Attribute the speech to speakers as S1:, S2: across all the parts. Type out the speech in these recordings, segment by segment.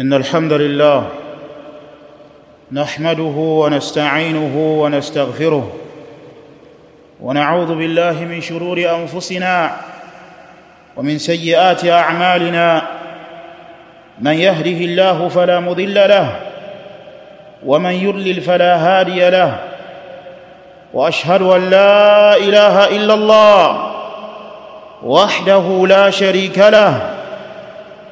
S1: ان الحمد لله نحمده ونستعينه ونستغفره ونعوذ بالله من شرور انفسنا ومن سيئات اعمالنا من يهده الله فلا مضل له ومن يضلل فلا هادي له واشهد ان لا اله الا الله وحده لا شريك له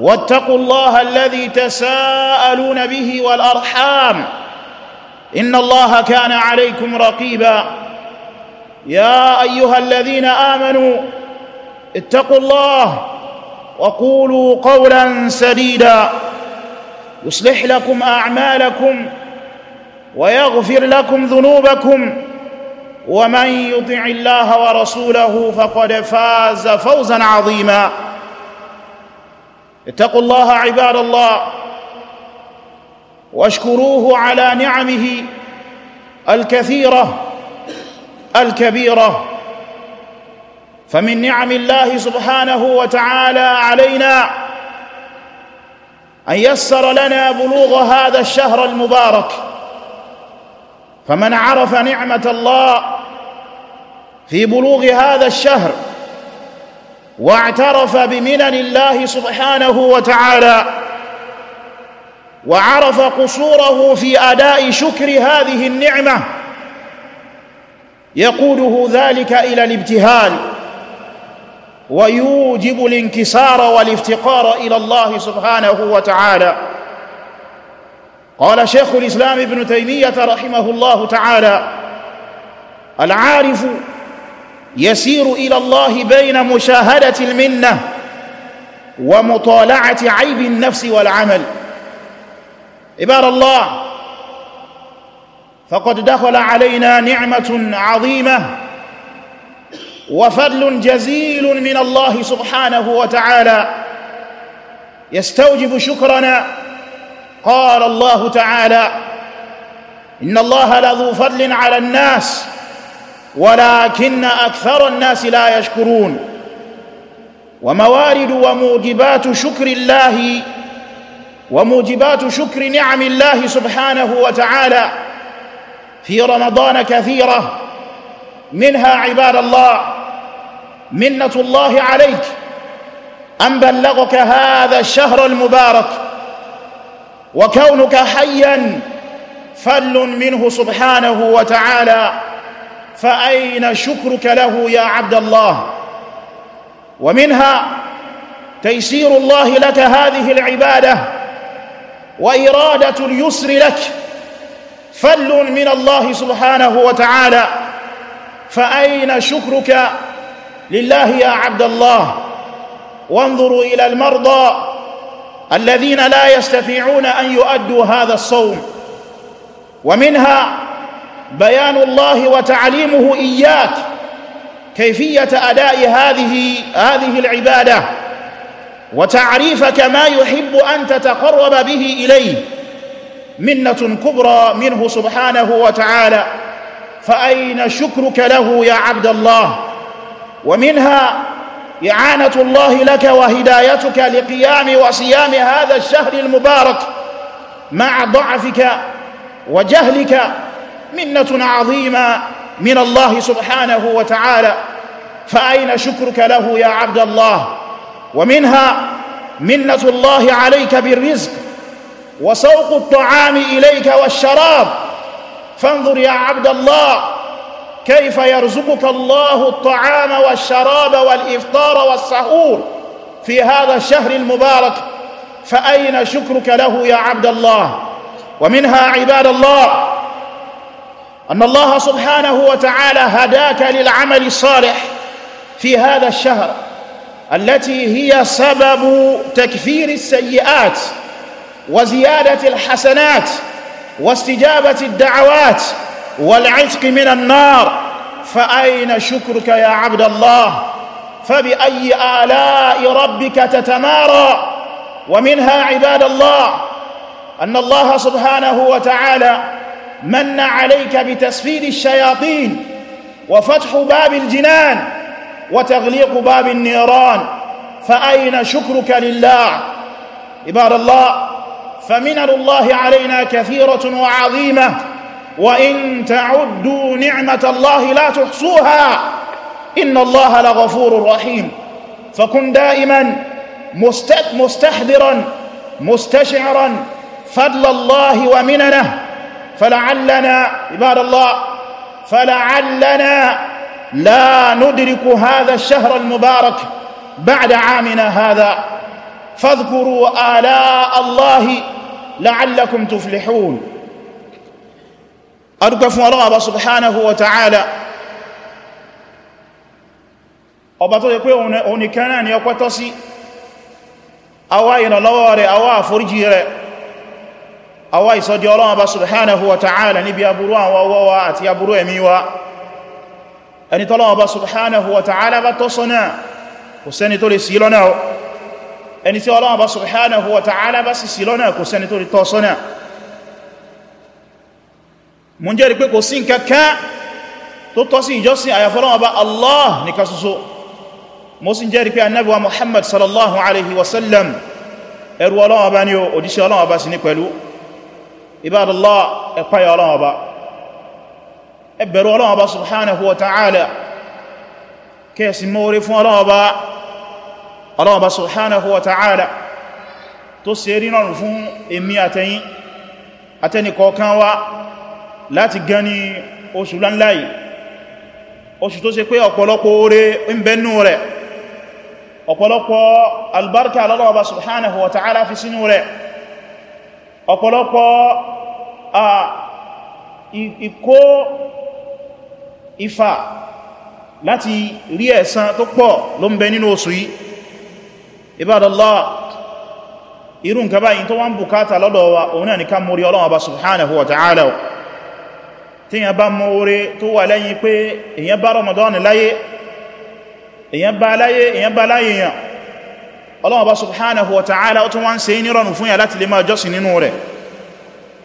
S1: واتقوا الله الذي تساءلون به والارحام ان الله كان عليكم رقيبا يا ايها الذين امنوا اتقوا الله وقولوا قولا سديدا يصلح لكم اعمالكم ويغفر لكم ذنوبكم ومن يطع الله ورسوله فقد فاز فوزا عظيما اتقوا الله عباد الله واشكروه على نعمه الكثيره الكبيره فمن نعم الله سبحانه وتعالى علينا ان يسر لنا بلوغ هذا الشهر المبارك فمن عرف نعمه الله في بلوغ هذا الشهر واعترف بمنن الله سبحانه وتعالى وعرف قصوره في اداء شكر هذه النعمه يقوده ذلك الى الابتهال ويوجب الانكسار والافتقار الى الله سبحانه وتعالى قال شيخ الاسلام ابن تيميه رحمه الله تعالى العارف يسير الى الله بين مشاهده المنه ومطالعه عيب النفس والعمل عباد الله فقد دخل علينا نعمه عظيمه وفضل جزيل من الله سبحانه وتعالى يستوجب شكرنا قال الله تعالى ان الله لذو فضل على الناس ولكن اكثر الناس لا يشكرون وموارد وموجبات شكر الله وموجبات شكر نعم الله سبحانه وتعالى في رمضان كثيره منها عباد الله منه الله عليك ان بلغك هذا الشهر المبارك وكونك حيا فل منه سبحانه وتعالى فأين شكرك له يا عبد الله ومنها تيسير الله لك هذه العبادة وإرادة اليسر لك فل من الله سبحانه وتعالى فأين شكرك لله يا عبد الله وانظروا إلى المرضى الذين لا يستطيعون أن يؤدوا هذا الصوم ومنها بيان الله وتعليمه إياك كيفية أداء هذه هذه العبادة وتعريفك ما يحب أن تتقرب به إليه منة كبرى منه سبحانه وتعالى فأين شكرك له يا عبد الله ومنها إعانة الله لك وهدايتك لقيام وصيام هذا الشهر المبارك مع ضعفك وجهلك منه عظيمه من الله سبحانه وتعالى فاين شكرك له يا عبد الله ومنها منه الله عليك بالرزق وسوق الطعام اليك والشراب فانظر يا عبد الله كيف يرزقك الله الطعام والشراب والافطار والسحور في هذا الشهر المبارك فاين شكرك له يا عبد الله ومنها عباد الله ان الله سبحانه وتعالى هداك للعمل الصالح في هذا الشهر التي هي سبب تكفير السيئات وزياده الحسنات واستجابه الدعوات والعتق من النار فاين شكرك يا عبد الله فباي الاء ربك تتمارى ومنها عباد الله ان الله سبحانه وتعالى من عليك بتسفيد الشياطين وفتح باب الجنان وتغليق باب النيران فأين شكرك لله عباد الله فمنن الله علينا كثيرة وعظيمة وإن تعدوا نعمة الله لا تحصوها إن الله لغفور رحيم فكن دائما مستحضرا مستشعرا فضل الله ومننه فلعلنا عباد الله فلعلنا لا ندرك هذا الشهر المبارك بعد عامنا هذا فاذكروا آلاء الله لعلكم تفلحون أرقف الله سبحانه وتعالى أبطل يقول yẹ pé òun nìkan náà ni ọpẹ́ tọ́ àwa ìsọdí Ọlọ́run bá subhanahu wa ta'ala níbi aburú àwọn ọwọ́ wa àti aburú ẹ̀mí wa ẹni tọ́lọ́run bá subhanahu wa ta'ala bá tọ́ sọ́nà kò sẹ́ni tó lè sí lọ́nà ẹni tí Ọlọ́run bá subhanahu wa ta'ala bá sì sí lọ́nà kò sẹ́ni tó lè tọ́ sọ́nà mo ń jẹ́rìí pé kò sí nǹkankan tó tọ́ sí ìjọsìn àyàfi bá Allah nìkan ṣoṣo mo sì ń jẹ́rìí pé annabi wa Muhammad sallallahu alaihi wasallam ẹrú Ọlọ́run bá ní òjíṣẹ́ Ọlọ́run bá sì ní pẹ̀lú ibadallá ẹ̀páyà ọlọ́wọ́ bá ẹbẹ̀rù ọlọ́wọ́ bá subhanahu wa ta'ala kẹsì mọ́rí fún ọlọ́wọ́ bá subhanahu wa ta'ala tó ṣe rí rọrùn fún èmi àtẹ̀yin àtẹnikọ̀ọ̀kan wa láti gani oṣù láńláyìí oṣù tó ṣe pé ọ̀pọ̀lọpọ̀ oore ń bẹnú rẹ̀ ọ̀pọ̀lọpọ̀ albarka lọ́lọ́wọ́ bá subhanahu wa ta'ala fi sínú rẹ̀ ọ̀pọ̀lọpọ̀ ìkó ìfà láti rí ẹ̀san tó pọ̀ ló ń bẹ nínú oṣù yìí ibadallah irú nǹkan báyìí tó wá ń bùkátà lọ́dọ̀ wa òun náà ní ká mórí Ọlọ́run bá subhanahu wa ta'ala tí èyàn bá mọ́ orí tó wà lẹ́yìn pé èyàn bá Ramadan láyé èyàn bá láyé èyàn bá láyé yàn Ọlọ́run bá subhanahu wa ta'ala ó tún wá ń ṣe ní rọrùn fún yà láti lè máa jọ́sìn nínú rẹ̀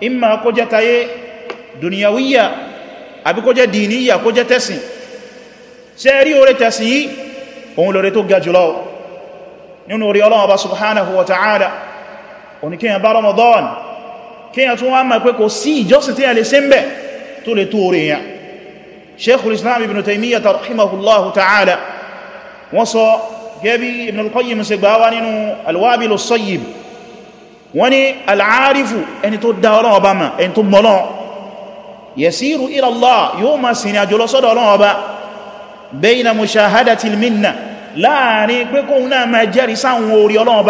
S1: ìmá kó jẹ́ tayé dùnìyàwíyà àbí kó jẹ́ dìníyà kó jẹ́ tẹ́sìn ṣe rí oore tẹ̀sìn yìí òun lóore tó ga jùlọ nínú orí Ọlọ́run bá subhanahu wa ta'ala òní kíyàn bá Ramadan kíyàn tún wá mọ̀ pé kò sí ìjọsìn tí a lè sí mbẹ̀ tó lè tó oore yẹn Sheikhul Islam ibn Taymiyyah rahimahullahu ta'ala wọ́n sọ gẹ́bí ibn al-Qayyim ṣe gbáwa nínú al-Wabil sayyib wọ́n ni al'arifu ẹni tó dá Ọlọ́run Ọba mọ̀ ẹni tó mọ̀ Ọlọ́run yasiru ila Allah yóò máa sìnrìn àjò lọ sọ́dọ̀ Ọlọ́run Ọba bayna mushahadatil minna láàrin pé kóhun náà máa jẹ́rìí sáwọn orí Ọlọ́run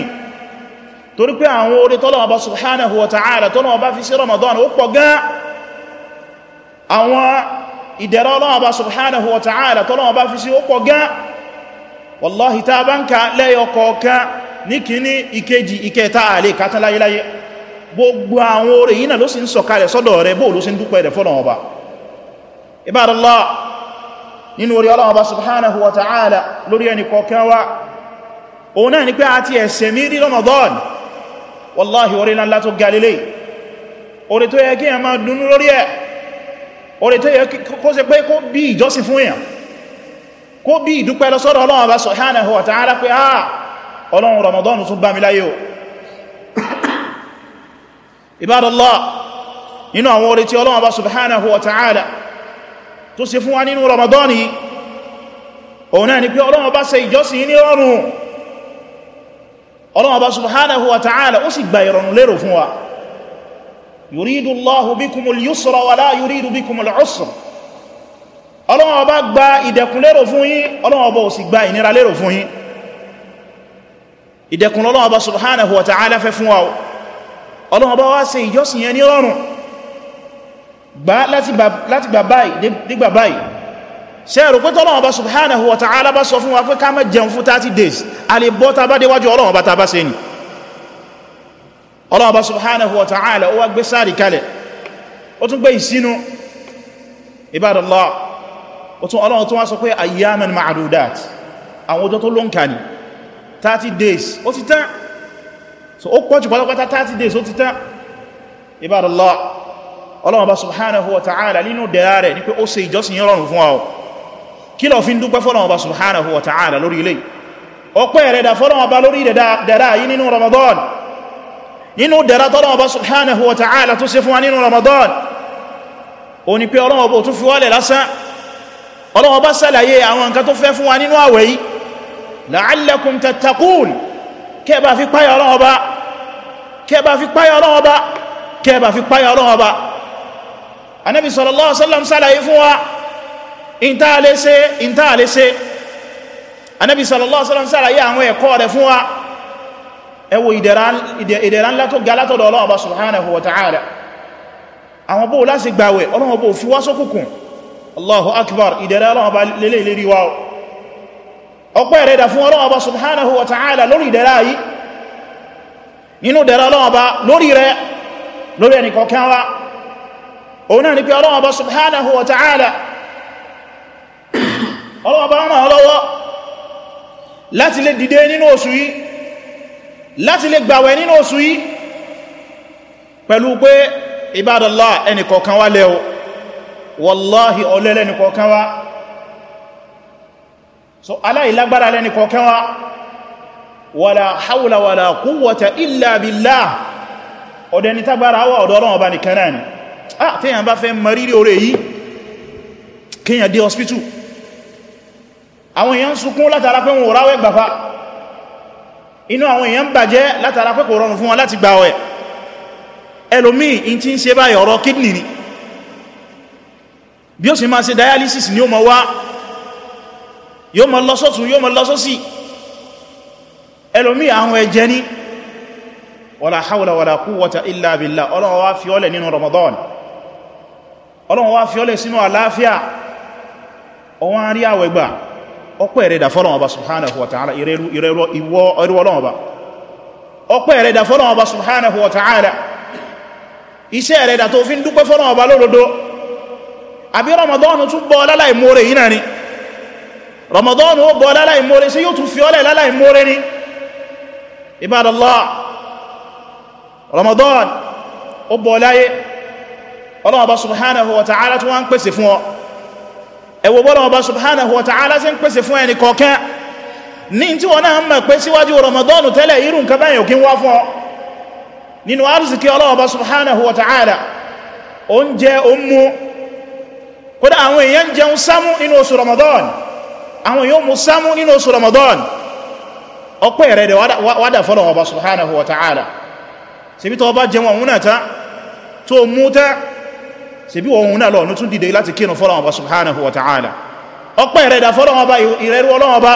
S1: ah, torí pé àwọn orí tọ́lọ́wọ́ bá subhanahu wa ta'ala tọ́lọ́wọ́ bá fi sí Ramadan ó pọ̀ gan àwọn ìdẹ̀rọ Ọlọ́run Ọba subhanahu wa ta'ala tọ́lọ́run Ọba fi sí ó pọ̀ gán wallahi ta bá ń ka lẹ́yọ kọ̀ọ̀kan ní kíní ìkejì ìkẹta àlè kátà láyéláyé gbogbo àwọn orí yínà ló sì ń sọ̀kalẹ̀ sọ́dọ̀ rẹ̀ bó ló sì ń dúpẹ́ rẹ̀ fọ́lọ́run Ọba Ibadallah nínú orí Ọlọ́run Ọba subhanahu ọ̀rẹ́ tó yẹ kó ṣe pé kó bí ìjọsìn fún èèyàn kó bí ìdúpẹ́ lọ́sọ́dọ̀ Ọlọ́run bá subhanahu wa ta'ala pé ah Ọlọ́run Ramadan tún bá mi láyé o Ibadallah inú àwọn ọ̀rẹ́ tí Ọlọ́run bá subhanahu wa ta'ala tó ṣe fún wa nínú Ramadan yìí òun náà ni pé Ọlọ́run bá ṣe ìjọsìn ní rọrùn Ọlọ́run bá subhanahu wa ta'ala ó sì gba ìrọ̀rùn lérò fún wa yùrídù lọ́hù bí kùmù yùsùrọ̀ wà láà yùrídù bí kùmù lọ́sùn ọlọ́run ọba gba ìdẹ̀kùn lérò fún yín ọlọ́run ọba ò sì gba ìnira lérò fún yín ìdẹ̀kùn ọlọ́run ọba subhanahu wa ta'ala fẹ́ fún wa ọlọ́run ọba wá ṣe ìjọsìn yẹn ní rọrùn gbá láti gbà báyìí dígbà báyìí ṣe rò pé tọ́lọ́run ọba ọlọ́ọ̀bá subhanahu wa ta'ala ó wá gbé sáàrì kalẹ̀ ó tún gbé ìsínú ibadallah ó tún ọlọ́run tún wá sọ pé ayyaman ma'adudat àwọn ọjọ́ tó lóǹkà ní 30 days ó ti tán so ó pọ̀jù pátápátá 30 days ó ti tán ibadallah ọlọ́ọ̀bá subhanahu wa ta'ala nínú dẹ̀ra rẹ̀ ní pé ó ṣe ìjọsìn rọrùn fún wa kí ló fi ń dúpẹ́ fọ́lọ́ọ̀bá subhanahu wa ta'ala lórí nínú dẹ̀ra tọ́lọ́wọ́ bá subhanahu wa ta'ala tó ṣe fún wa nínú ramadan o ni pé ọlọ́wọ́ bó tún fi wálẹ̀ lásán ọlọ́wọ́ bá sàlàyé àwọn nǹkan tó fẹ́ fún wa nínú àwẹ̀ yìí la'allakum tattaqun kẹba fi páyà ọlọ́wọ́ bá kẹba fi páyà ọlọ́wọ́ bá ẹwọ ìdẹ̀ra ńlá tó ga látọ̀dọ̀ Ọlọ́run Ọba subhanahu wa ta'ala àwọn bó láti gbàwẹ̀ Ọlọ́run bó fi wá sókùnkùn Allahu akbar ìdẹ̀ra Ọlọ́run Ọba lélẹ̀ lérí wa ọpẹ́ rẹ̀ dà fún Ọlọ́run Ọba subhanahu wa ta'ala lórí ìdẹ̀ra yìí nínú ìdẹ̀ra Ọlọ́run Ọba lórí rẹ̀ lórí ẹnìkọ̀ọ̀kan wa òun náà ni láti lè dìde nínú oṣù yìí láti lè gbàwẹ̀ nínú oṣù yìí pẹ̀lú pé ibadallah ẹnìkọ̀ọ̀kan wá lẹ́ o wallahi ọlẹ́lẹ́ wá so aláìlágbára lẹ́nìkọ̀ọ̀kan wá wala hawla wala quwwata illa billah ọ̀dẹ̀ ni tágbára wà ọ̀dọ̀ Ọlọ́run ọba nìkan náà ni ah téèyàn bá fẹ́ marírí oré yìí kéèyàn dé hospital àwọn èèyàn sunkún látara pé wọn ò ráwẹ́ gbàfà inú àwọn èèyàn bàjẹ́ látara pé kò rọrùn fún wọn láti gba ọ̀ẹ̀ ẹlòmíì in ti ń ṣe báyìí ọ̀rọ̀ kidney ni bí ó sì máa ṣe dialysis ni ó mọ̀ wá yóò mọ̀ lọ́sọ́tún yóò mọ̀ lọ́sọ́sí ẹlòmíì àwọn ẹ̀jẹ̀ ni wala hawla wala quwwata illa billah Ọlọ́run wá fi ọlẹ̀ nínú Ramadan Ọlọ́run wá fi ọlẹ̀ sínú àlàáfíà ọpẹ́ rẹ̀ dà fọ́lọ́wọ́ bá subhanahu wa ta'ala ọpẹ́ rẹ̀ dà fọ́lọ́wọ́ bá subhanahu wa ta'ala iṣẹ́ rẹ̀ dà tó fi ń dúpẹ́ fọ́lọ́wọ́ bá lódodo àbí Ramadan tún bọ́ láláì mọ́rẹ̀ yìí náà ni Ramadan ó bọ́ láláì mọ́rẹ̀ sí yóò tún fi ọlẹ̀ láláì mọ́rẹ̀ ẹwọ bọ́lọ̀ ọba subhanahu wa ta'ala sí ń pèsè fún ẹni kọ̀ọ̀kan ní tí wọ́n náà mọ̀ pé síwájú ramadanu tẹ́lẹ̀ irú nǹkan báyìí òkín wá fún ọ nínú arziki ọlọ́ọba subhanahu wa ta'ala oúnjẹ oúnmú kódà àwọn èèyàn jẹun sámú nínú oṣù ramadan àwọn èèyàn mú sámú nínú oṣù ramadan ọpẹ́ rẹ̀ dẹ̀ wádà fọ́lọ̀ subhanahu wa ta'ala síbi tó jẹun àwọn náà ta tó mú ta ṣe bí wọn náà lọ́nà tún dìde láti kírun fọ́lọ́wọ́ bá subhanahu wa ta'ala ọpẹ́ ìrẹ́dà fọ́lọ́wọ́ bá ìrẹ́rú ọlọ́wọ́ bá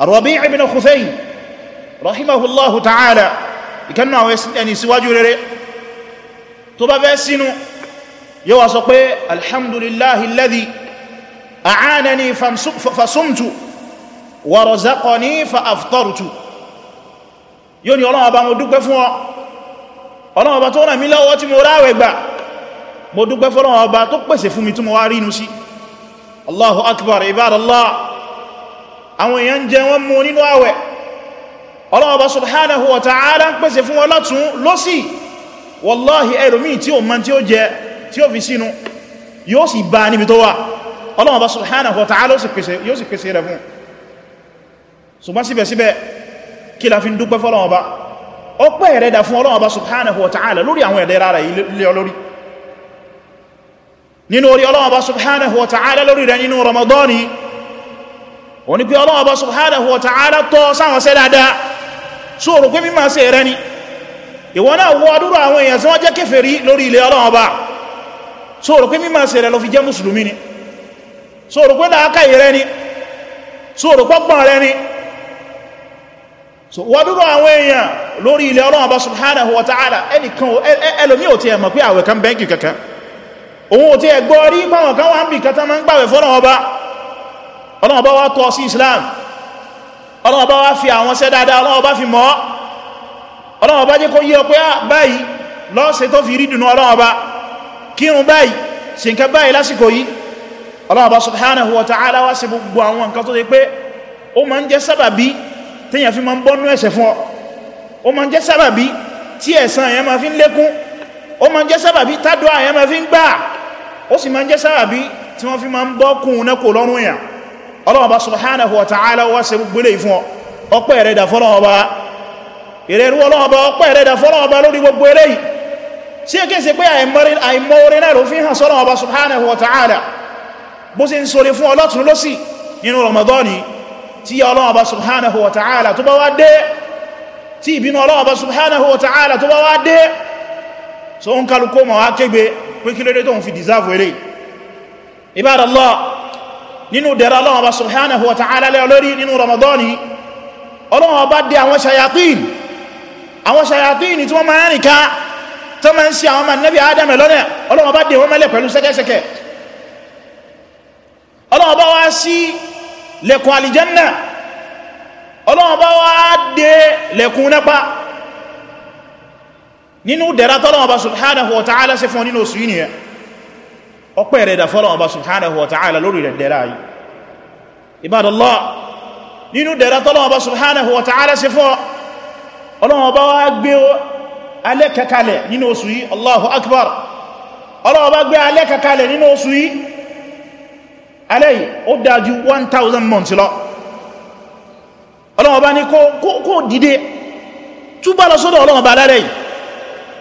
S1: Rabi' ibn Khuthayn rahimahullahu ta'ala ìkannà àwọn ẹni síwájú rere tó bá bẹ́ sínú yóò wá sọ pé alhamdulillahi alladhi a'anani fasumtu wa razaqani fa aftartu yóò ni ọlọ́wọ́ bá mo dúpẹ́ fún ọ ọlọ́wọ́ bá tó ràn mí lọ́wọ́ tí mo ráwẹ̀ gbà mo dúpẹ́ fọ́lọ́wọ́ ọba tó pèsè fún mi tí mo wá rínú sí Allahu akbar ibadallah àwọn èèyàn ń jẹ wọ́n mú nínú àwẹ̀ ọlọ́ọba subhanahu wa ta'ala ń pèsè fún wọn lọ́tún lọ́sì wallahi ẹlòmíì tí ó mọ̀ tí ó jẹ tí ó fi sínú yóò sì bá níbi tó wà ọlọ́ọba subhanahu wa ta'ala yóò sì pèsè rẹ̀ fún ṣùgbọ́n síbẹ̀síbẹ̀ kí la fi dúpẹ́ fọ́lọ́ọba ọpẹ́ rẹ̀ dà fún ọlọ́ọba subhanahu wa ta'ala lórí àwọn ẹ̀dẹ́ rárá ilé olórí nínú orí Ọlọ́run Ọba subhanahu wa ta'ala lórí rẹ̀ nínú ramadani wọ́n ni pé Ọlọ́run Ọba subhanahu wa ta'ala tọ́ sáwọn sẹ́ dáadáa so rò pé mímọ̀ sí rẹ̀ ni ìwọ náà wọ́ adúrò àwọn èèyàn tí wọ́n jẹ́ kèfèrí lórí ilẹ̀ Ọlọ́run Ọba so rò pé mímọ̀ sí rẹ̀ lọ fi jẹ́ mùsùlùmí ni so rò pé làákàyè rẹ̀ ni so rò pọ́gbọ̀n àwọn èèyàn lórí ilẹ̀ Ọlọ́run Ọba subhanahu wa ta'ala ẹnìkan ẹlòmí ò ti ẹ̀mọ̀ pé àwẹ̀ bẹ́ǹkì kankan òun ò tí ẹ gbọ́ rí páwọn kan wà ń bì kan máa ń gbàwẹ̀ fọ́nà ọba wá tọ́ sí Islam ọlọ́run ọba wá fi àwọn ṣẹ́ dáadáa ọlọ́run ọba fi mọ́ ọlọ́run ọba jẹ́ kó yé ọ pé ah, báyìí lọ́ọ̀ṣẹ́ tó fi rí dùnú ọlọ́run ọba kírun báyìí ṣe nǹkan báyìí lásìkò yìí wa ta'ala wá sí gbogbo àwọn nǹkan tó ṣe pé ó máa ń jẹ́ sábàbí téèyàn fi máa ń bọ́nú ẹ̀ṣẹ̀ fún ọ ó máa ń fi ń lékún ó sì máa ń jẹ́ sáàbí tí wọ́n fi máa ń bọ́ kún un nẹ́kò lọ́rùn èèyàn Ọlọ́run Ọba subhanahu wa ta'ala wá ṣe gbélé ìfún ọpẹ́ rẹ̀ dà fọ́lọ́run Ọba ìrẹ̀rú Ọlọ́run Ọba ọpẹ́ rẹ̀ dà fọ́lọ́run Ọba lórí gbogbo eléyìí sí èké ṣe pé àìmọ́rin náà ló fi hàn sọ́lọ́run Ọba subhanahu wa ta'ala bó sì ń sóre tí ìbínú Ọlọ́run subhanahu wa ta'ala tó bá wá dé so ń kálukó ma wá kégbe pé kí lórí tó ń fi dìsáàfù eré ibádàlá nínú dẹ̀rẹ̀ ọlọ́wọ́ bá subhanahu wa ta'ala lẹ́ olórí nínú ramadani ọlọ́wọ́ bá dé àwọn shayatin àwọn shayatin tí wọ́n máa rìn ká tó máa ń sí wá dé lẹ́kùn nápa nínú dẹ̀ra t'Ọlọ́run Ọba subhanahu wa ta'ala ṣe fún nínú oṣù yìí nìyẹn ọpẹ́ rẹ̀ dá f'Ọlọ́run Ọba subhanahu wa ta'ala lórí rẹ̀ dẹ̀ra yìí ibadallah nínú dẹ̀ra t'Ọlọ́run Ọba subhanahu wa ta'ala fún Ọlọ́run Ọba gbé alẹ́ kakalẹ̀ nínú oṣù yìí Allahu akbar gbé alẹ́ kakalẹ̀ nínú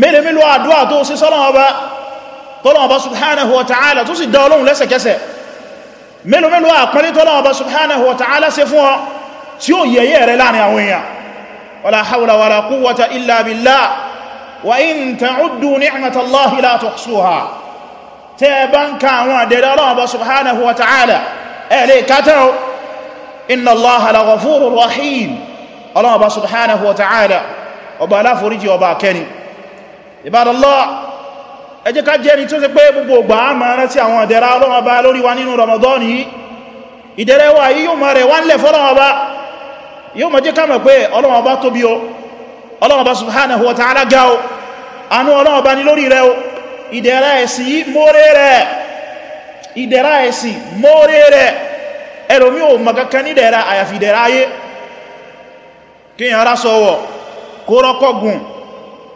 S1: mélòó mélòó àdúwà tó sí oba subhanahu wa ta'ala tó sì dá Ọlọ́run lẹ́sẹ̀kẹsẹ̀ mélòó mélòó àpẹẹrẹ tọ́lọ̀ọba subhanahu wa ta'ala ṣe fún ọ tí ó yẹ̀yẹ́ rẹ láàrin àwọn èèyàn wala hawla wala quwwata illa billah wa in ta'uddu ni'matallahi la tuhsuha tẹ́ bá ka àwọn àdẹ̀dẹ̀ Ọlọ́run subhanahu wa ta'ala ẹ̀ lè inna allaha la ghafurur rahim Ọlọ́run subhanahu wa ta'ala ọba aláforíjì ọba kẹni Ibadallah ẹ jẹ́ ká jẹ́ ni tí ó ṣe pé gbogbo ògbà á máa rántí àwọn ìdẹ̀ra Ọlọ́run Ọba lórí wa nínú Ramadan yìí ìdẹ̀rẹ́ wa yìí yóò máa rẹ̀ wá nílẹ̀ fọ́lọ́run Ọba yóò máa jẹ́ ká mọ̀ pé Ọlọ́run Ọba tóbi o Ọlọ́run Ọba subhanahu wa ta'ala ga o àánú Ọlọ́run Ọba ni lórí rẹ o ìdẹ̀ra ẹ̀sì kó rọ́kọ̀gùn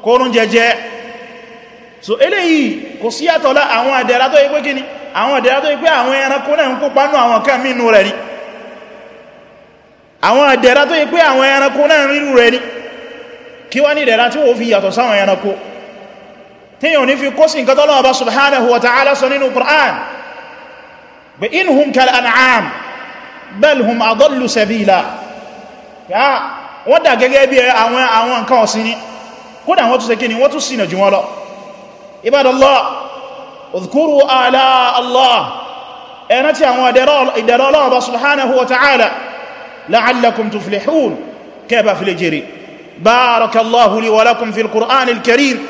S1: kó rún jẹjẹ́ so eléyìí kò sí yàtọ̀ lá àwọn àdẹ̀rà tó yí pé kíni àwọn àdẹ̀rà tó yí pé àwọn ẹranko náà ń kópa nú àwọn kan mínú rẹ̀ ni àwọn àdẹ̀rà tó yí pé àwọn ẹranko náà rírú rẹ̀ ni kí wá ní ìdẹ̀rà tí wọ́n fi yàtọ̀ sáwọn ẹranko tíyàn ní fi kó sí nǹkan ni wọ́n tún ṣe kíni wọ́n عباد الله اذكروا آلاء الله أنتي أدرال الله سبحانه وتعالى لعلكم تفلحون كيف أفلجري بارك الله لي ولكم في القرآن الكريم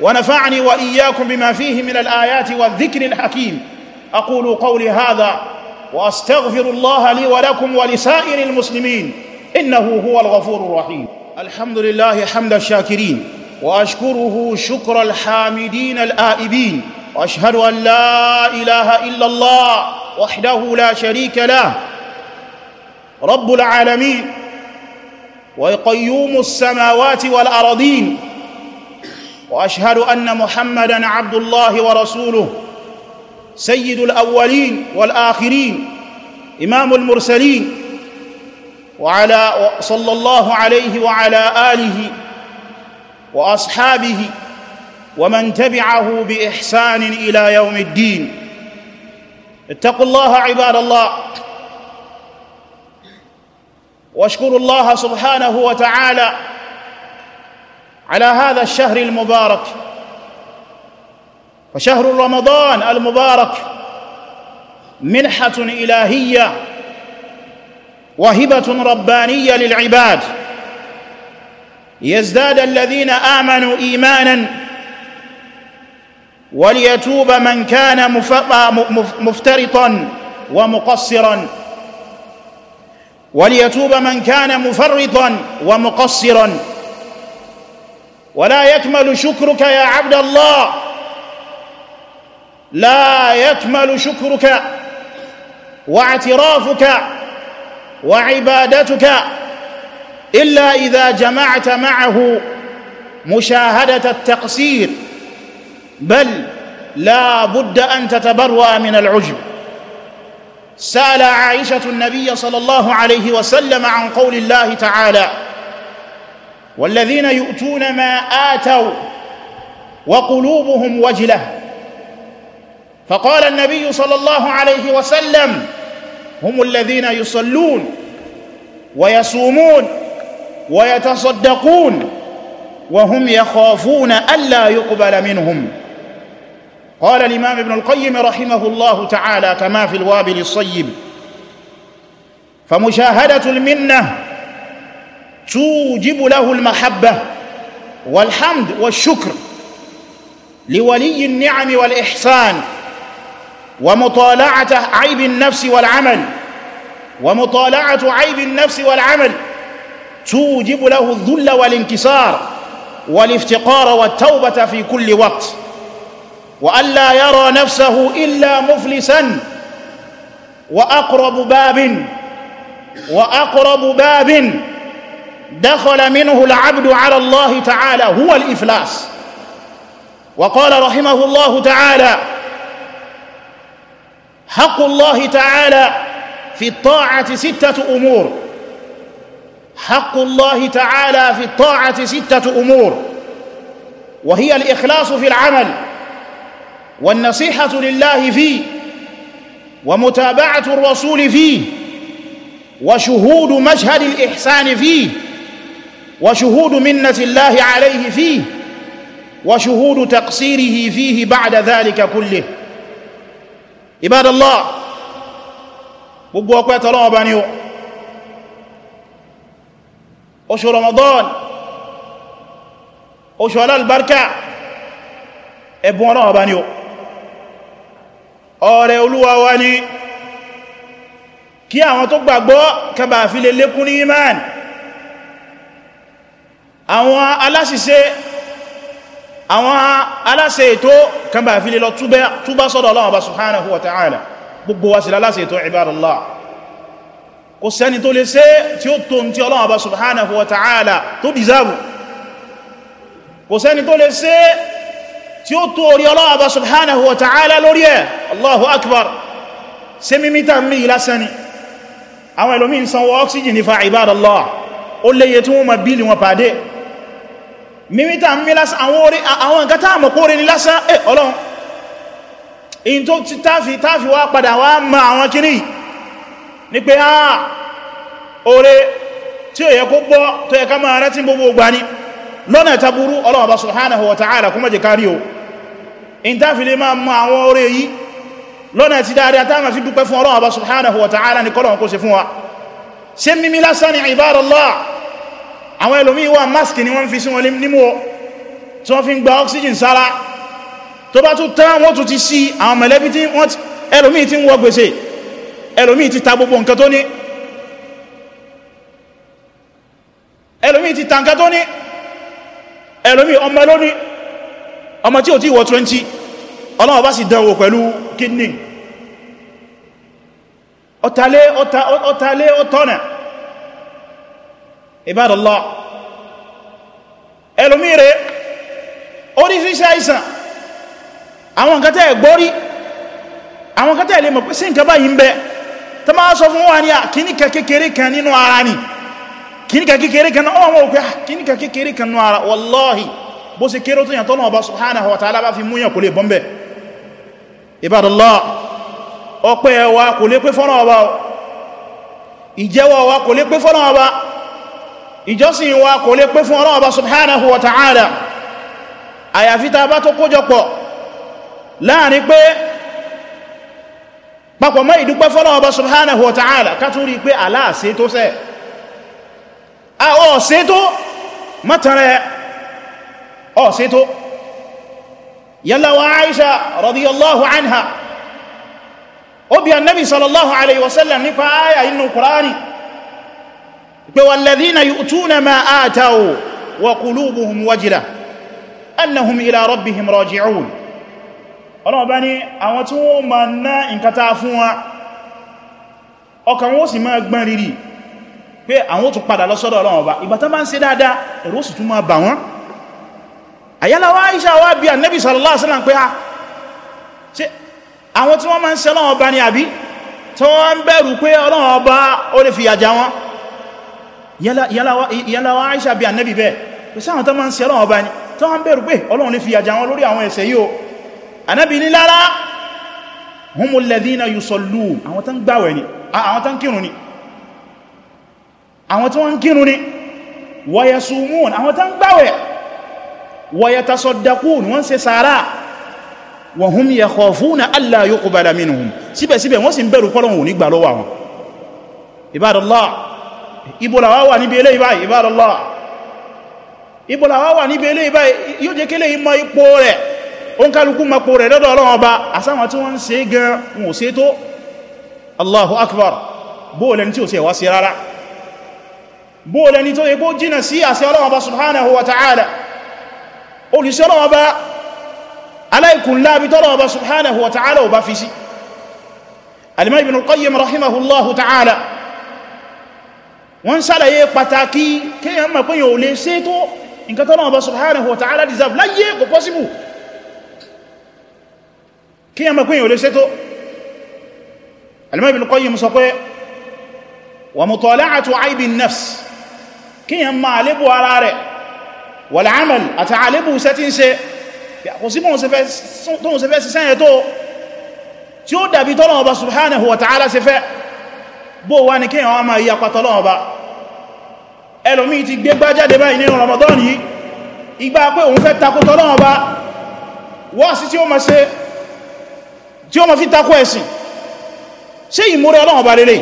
S1: ونفعني وإياكم بما فيه من الآيات والذكر الحكيم أقول قولي هذا وأستغفر الله لي ولكم ولسائر المسلمين إنه هو الغفور الرحيم الحمد لله حمد الشاكرين واشكره شكر الحامدين الائبين واشهد ان لا اله الا الله وحده لا شريك له رب العالمين وقيوم السماوات والارضين واشهد ان محمدا عبد الله ورسوله سيد الاولين والاخرين امام المرسلين وعلى صلى الله عليه وعلى اله واصحابه ومن تبعه باحسان الى يوم الدين اتقوا الله عباد الله واشكروا الله سبحانه وتعالى على هذا الشهر المبارك فشهر رمضان المبارك منحه الهيه وهبه ربانيه للعباد يزداد الذين امنوا ايمانا وليتوب من كان مفترطا ومقصرا وليتوب من كان مفرطا ومقصرا ولا يكمل شكرك يا عبد الله لا يكمل شكرك واعترافك وعبادتك الا اذا جمعت معه مشاهده التقصير بل لا بد ان تتبرا من العجب سال عائشه النبي صلى الله عليه وسلم عن قول الله تعالى والذين يؤتون ما اتوا وقلوبهم وجله فقال النبي صلى الله عليه وسلم هم الذين يصلون ويصومون ويتصدقون وهم يخافون الا يقبل منهم قال الامام ابن القيم رحمه الله تعالى كما في الوابل الصيب فمشاهده المنه توجب له المحبه والحمد والشكر لولي النعم والاحسان ومطالعه عيب النفس والعمل ومطالعه عيب النفس والعمل توجب له الذل والانكسار والافتقار والتوبة في كل وقت وألا يرى نفسه إلا مفلسا وأقرب باب وأقرب باب دخل منه العبد على الله تعالى هو الإفلاس وقال رحمه الله تعالى حق الله تعالى في الطاعة ستة أمور حق الله تعالى في الطاعه سته امور وهي الاخلاص في العمل والنصيحه لله فيه ومتابعه الرسول فيه وشهود مشهد الاحسان فيه وشهود منه الله عليه فيه وشهود تقصيره فيه بعد ذلك كله عباد الله بقوة ọpẹ́ الله بانيو oṣù Ramadan oṣù alalbarka ẹ̀bùn ọlọ́wọ́ bá ní o ọ̀rẹ́ olúwa wa ní kí àwọn tó gbàgbọ́ kẹbà fi lè lékún ní iman àwọn aláṣìṣe àwọn aláṣẹ ètò kẹbà fi lè lọ túbá sọ́dọ̀ Ọlọ́run bá subhanahu wa ta'ala gbogbo wa sí aláṣẹ ètò ibadallah kò sẹ́ni tó lè ṣe tí ó tó ń tí Ọlọ́run Ọba subhanahu wa ta'ala tó dìzáàbù kò sẹ́ni tó lè ṣe tí ó tó orí Ọlọ́run Ọba subhanahu wa ta'ala lórí ẹ̀ Allahu akbar ṣe mímítà mí lásán ni àwọn ẹlòmí ń sanwó oxygen ní fa ibadallah ó léye tí wọ́n ní pé àà ah, oore tí ó yẹ kó gbọ́ tó yẹ ká máa rántí gbogbo ògbà ní lọ́nà ìtàbúrú ọlọ́ọ̀bá subhanahu wa ta'ala kó má jẹ́ kárí o in ta fi lè máa mọ àwọn oore yìí lọ́nà ti dáadáa tá ma fi dúpẹ́ fún ọlọ́ọ̀bá subhanahu wa ta'ala ní kọ́lọ̀ kó ṣe fún wa ẹlòmí ti ta gbogbo nǹkan tó ní ẹlòmí ti ta nǹkan tó ní ẹlòmí ọmọ ló ní ọmọ tí ò tí wọ 20 ọlọ́wọ́ bá sì dánwò pẹ̀lú kidney ọ̀tàlé ọ̀tàlé ọ̀tọ́nà Ibadallah ẹlòmí rẹ̀ oríṣiríṣi àìsàn àwọn nǹkan tẹ́ gbọ́rí àwọn nǹkan lè mọ̀ sí nǹkan báyìí ń bẹ tó máa sọ fún wa ní ah, kíníkà kékeré kan nínú ara ni kíníkà kékeré kan náà wọ́n pẹ́ kíníkà kékeré kan nínú ara wallahi bó ṣe kéré tó yàtọ̀ náà bá subhanahu wa ta'ala bá fi múyàn kò lè bọ́m̀bẹ̀ ibadallah ọpẹ́ wa kò lè pé fọ́nà ọba ìjẹ́wọ́ wa kò papọ̀ mọ́ ìdúpẹ́ fọ́lọ́wọ́ bá subhanahu wa ta'ala ká tún rí pé aláàsẹ́ tó sẹ́ à ó sí tó ọ sí tó yalawa aisha radiyallahu anha obi annabi sallallahu alaihi wasallam nípa aya inú kurani pé walladhina na ma ataw wa qulubuhum wajira annahum ila rabbihim raji'un ọlọ́ọ̀bá ní àwọn tí wọ́n ma ná nǹkan tá fún wa ọkàn wọ́n sì máa gbọ́n rírì pé àwọn ó tún padà lọ sọ́dọ̀ ọlọ́ọ̀bá ìgbà tán bá ń ṣe dáadáa ẹ̀rù ó sì tún máa bà wọ́n àyálàwà Aisha wá bí Ànábì sallallahu alaihi wasallam pé a ah, ṣe àwọn tí wọ́n ma ń ṣe ọlọ́ọ̀bá ní àbí tí wọ́n ń bẹ̀rù pé ọlọ́ọ̀bá ó lè fìyà já wọn yálàwà Aisha bí Ànábì bẹ́ẹ̀ pẹ̀sẹ̀ àwọn tó ma ń ṣe ọlọ́ọ̀bá ní tí wọ́n ń bẹ̀rù pé ọlọ́run lè já wọn lórí àwọn ẹ̀ṣẹ̀ yìí anábi ní lára humul ladhina yusallun àwọn tán gbàwẹ̀ ni àwọn tán kírun ni àwọn tí wọ́n ń kírun ni wa yasumun àwọn tán gbàwẹ̀ wa yatasaddaqun wọ́n ṣe sàárà wa hum yakhafuna alla yuqbala minhum síbẹ̀síbẹ̀ wọ́n sì ń bẹ̀rù Ọlọ́run ò ibola wa wa wà níbi eléyìí báyìí yóò jẹ́ kélé ìmọ̀ ipò rẹ̀ òun kálukú mapo rẹ̀ lọ́dọ̀ ọlọ́run ọba àsáwọn tí wọ́n ń ṣe gan wọn ò ṣe tó allahu akbar bóòlẹni tí ò ṣe wá sí rárá bóòlẹni tó yẹ kó jìnà sí àṣẹ ọlọ́run ọba subhanahu wa ta'ala olùsẹ́ ọlọ́run ọba aláìkùnlábi tọ́lọ́run subhanahu wa ta'ala ò bá fi sí kí yẹn mọ̀ pé yẹn ò lè ṣe tó Al-Imam Ibn Qayyim sọ pé wa mutala'atu aibi nafs kí yẹn ma àlébù ara rẹ̀ wal amal àti àlébù iṣẹ́ tí ń ṣe kò sí tóhun ṣe fẹ́ ṣiṣẹ́ yẹn tó tí ó dàbí tọ́lọ́wọ́ bá subhanahu wa ta'ala ṣe fẹ́ bó wá ní kí yẹn wá máa wọ́n sí tí ó máa ṣe tí wọ́n ma fi takó ẹ̀sìn ṣe ìmúrẹ Ọlọ́run Ọba lélẹ̀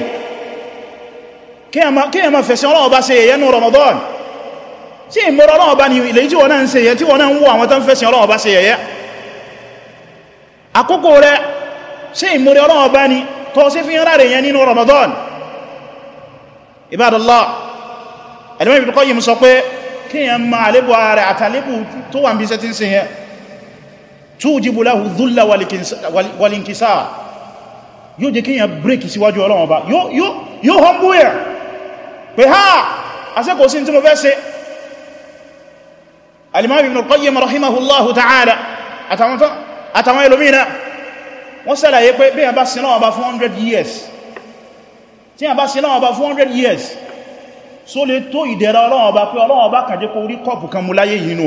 S1: kí ẹ ma fẹ̀sẹ̀ Ọlọ́run Ọba ṣe èyẹ ní Ramadan ṣe ìmúrẹ Ọlọ́run Ọba ni ilẹ̀ tí wọ́n náà ń ṣe yẹ tí wọ́n náà ń wọ àwọn tán fẹ̀sẹ̀ Ọlọ́run Ọba ṣe yẹ̀yẹ́ àkókò rẹ ṣe ìmúrẹ Ọlọ́run Ọba ni tó ṣe fi ń rárẹ̀ Ramadan Ibadallah Al-Imam Ibn Qayyim sọ pé kí ẹ ma àlébù ààrẹ àtàlébù tó wà ń bí sẹ́tí tújìbù láhù dhúlà walinkisá yóò jẹ́ kíyàn bríkì síwájú ọlọ́run ọba yóò hànbú ẹ̀ pé ha asẹ́kò sí tí mo fẹ́ ṣe alimami ibn al-qayyim rahimahullahu ta'ala àtàwọn ẹlòmínà wọ́n sẹ́làyé pé bí i bá siná ọba 400 years tí a bá siná ọba 400 years so le tó ìdẹ̀ra ọlọ́run ọba pé ọlọ́run ọba kàjẹ́ kó rí kọ́pù kan mú láyé yìí nù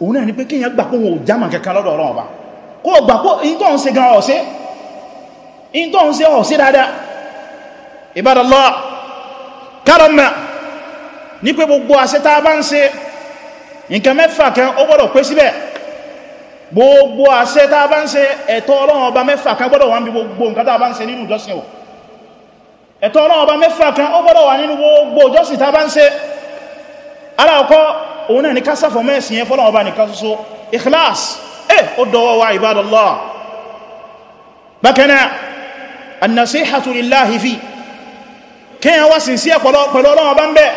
S1: òun náà ni pé kíyàn gbà pé wọn ò jámà kẹka lọ́dọ̀ ọ̀rọ̀ ọba kó gbà pé in tó ń se gan ọ̀sẹ́ in tó ń ṣe ọ̀sẹ́ dáadáa Ibadallah kárọ̀mà ní pé gbogbo àṣẹ tá a bá ń ṣe nǹkan mẹ́fà kan ó gbọ́dọ̀ pé síbẹ̀ gbogbo àṣẹ tá a bá ń ṣe ẹ̀tọ́ ọlọ́run ọba mẹ́fà kan gbọ́dọ̀ wà ní gbogbo nǹkan tá a bá ń ṣe nínú òun náà ni ká sáfọ̀ mẹ́sì yẹn fọ́lọ́wọ́ bá nìkan ṣoṣo ikhlas ẹ eh, ó dọwọ́ wa ibadallah bákanáà annasihatu lillahi fi kíyàn wá sin sí ẹ̀pọ̀lọ́ pẹ̀lú ọlọ́wọ́ bá ń bẹ́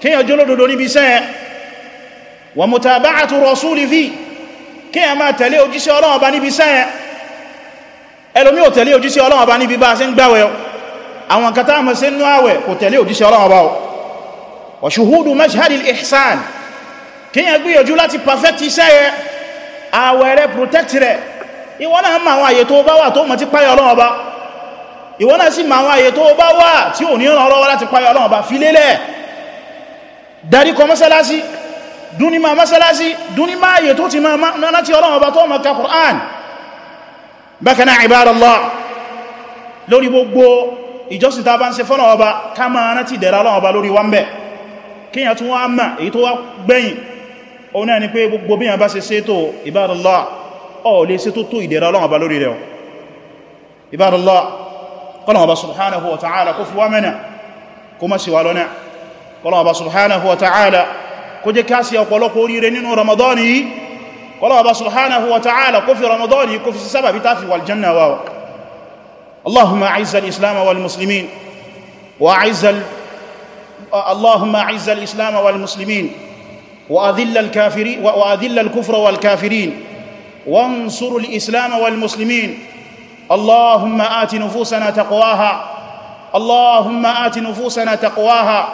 S1: kíyàn jólódodo níbi iṣẹ́ wa mutaba'atu rasuli fi kíyàn máa tẹ̀lé òjíṣẹ́ ọlọ́wọ́ bá níbi iṣẹ́ ẹlòmí ò tẹ̀lé òjíṣẹ́ ọlọ́wọ́ bá níbi bá ṣe ń gbáwẹ̀ àwọn kátà mọ̀ sí nú àwẹ̀ kò tẹ̀lé òjíṣẹ́ ọlọ́wọ́ bá o wa shuhudu mashhadil ihsan kíyàn gbìyànjú láti perfect iṣẹ́ yẹ àwẹ̀ rẹ̀ protect rẹ̀ ìwọ náà ma àwọn àyè tó bá wà tó mọ̀ ti páyà Ọlọ́run Ọba ìwọ náà sì ma àwọn àyè tó bá wà tí ò ní ọlọ́wọ́ láti páyà Ọlọ́run Ọba fi lélẹ̀ darí kọ mọ́sálásí dúní ma mọ́sálásí dúní ma àyè tó ti ma láti lórí gbogbo ìjọsìn ta fọ́nà ọba ká máa rántí dẹ̀ra Ọlọ́run Ọba lórí wa ń kíyàn tún wá mà èyí tó wá gbẹ̀yìn òun náà ni pé gbogbo bí yàn bá ṣe ṣètò ìbádọ́lá ọ̀ lè ṣètò tó ìdẹ̀ra Ọlọ́run bá lórí rẹ̀ ìbádọ́lá kọ́lọ̀wọ̀ bá subhanahu wa kó fi mẹ́nà kó اللهم اعز الاسلام والمسلمين واذل الكافرين واذل الكفر والكافرين وانصر الاسلام والمسلمين اللهم ات نفوسنا تقواها اللهم ات نفوسنا تقواها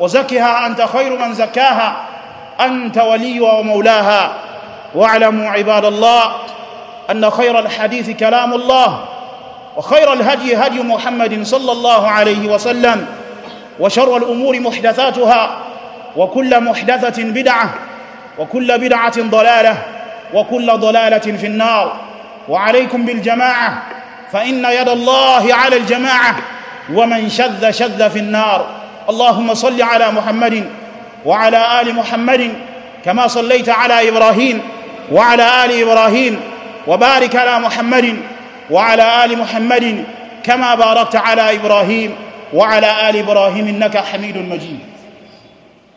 S1: وزكها انت خير من زكاها انت وليها ومولاها واعلموا عباد الله ان خير الحديث كلام الله وخير الهدي هدي محمد صلى الله عليه وسلم وشر الأمور محدثاتها وكل محدثة بدعة وكل بدعة ضلالة وكل ضلالة في النار وعليكم بالجماعة فإن يد الله على الجماعة ومن شذ شذ في النار اللهم صل على محمد وعلى آل محمد كما صليت على إبراهيم وعلى آل إبراهيم وبارك على محمد وعلى آل محمد كما باركت على إبراهيم وعلى آل إبراهيم إنك حميد مجيد